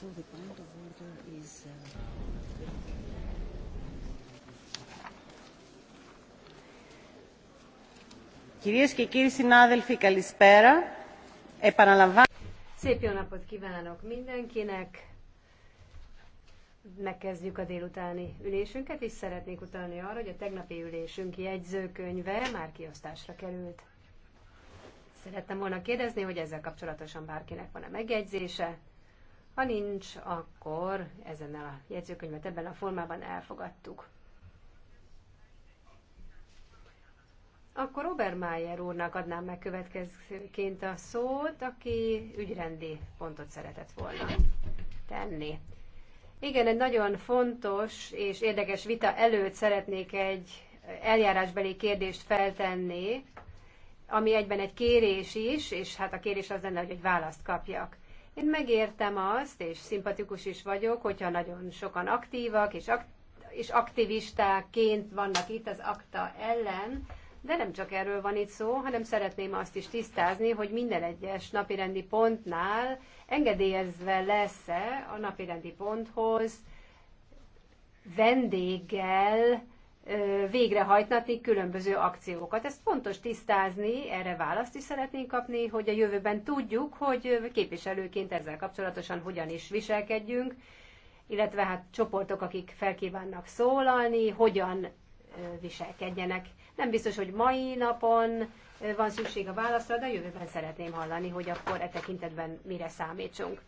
So the point of order is. Uh, Κυρίες και κύριοι συνάδελφοι, καλησπέρα. Επαναλαμβάνω. Szép jó napot kívánok mindenkinek! Megkezdjük a délutáni ülésünket, és szeretnék utalni arra, hogy a tegnapi ülésünk jegyzőkönyve már kiosztásra került. Szerettem volna kérdezni, hogy ezzel kapcsolatosan bárkinek van a megjegyzése. Ha nincs, akkor ezen a jegyzőkönyvet ebben a formában elfogadtuk. Akkor Obermeier úrnak adnám meg következőként a szót, aki ügyrendi pontot szeretett volna tenni. Igen, egy nagyon fontos és érdekes vita előtt szeretnék egy eljárásbeli kérdést feltenni, ami egyben egy kérés is, és hát a kérés az lenne, hogy egy választ kapjak. Én megértem azt, és szimpatikus is vagyok, hogyha nagyon sokan aktívak és, ak- és aktivistáként vannak itt az akta ellen, de nem csak erről van itt szó, hanem szeretném azt is tisztázni, hogy minden egyes napirendi pontnál engedélyezve lesz-e a napirendi ponthoz vendéggel végrehajtatni különböző akciókat. Ezt fontos tisztázni, erre választ is szeretnénk kapni, hogy a jövőben tudjuk, hogy képviselőként ezzel kapcsolatosan hogyan is viselkedjünk, illetve hát csoportok, akik felkívánnak szólalni, hogyan viselkedjenek. Nem biztos, hogy mai napon van szükség a válaszra, de a jövőben szeretném hallani, hogy akkor e tekintetben mire számítsunk.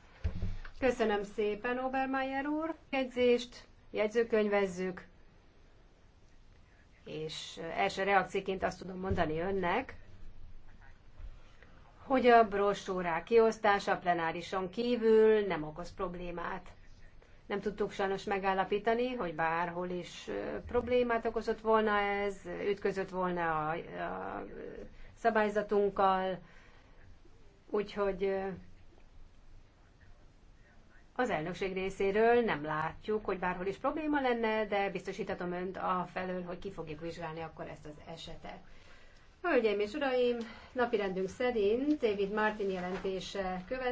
Köszönöm szépen, Obermeyer úr, jegyzést, jegyzőkönyvezzük és első reakcióként azt tudom mondani önnek, hogy a brosúrák kiosztása plenárison kívül nem okoz problémát. Nem tudtuk sajnos megállapítani, hogy bárhol is problémát okozott volna ez, ütközött volna a, a szabályzatunkkal, úgyhogy az elnökség részéről nem látjuk, hogy bárhol is probléma lenne, de biztosítatom önt a felől, hogy ki fogjuk vizsgálni akkor ezt az esetet. Hölgyeim és uraim, napirendünk szerint David Martin jelentése követ.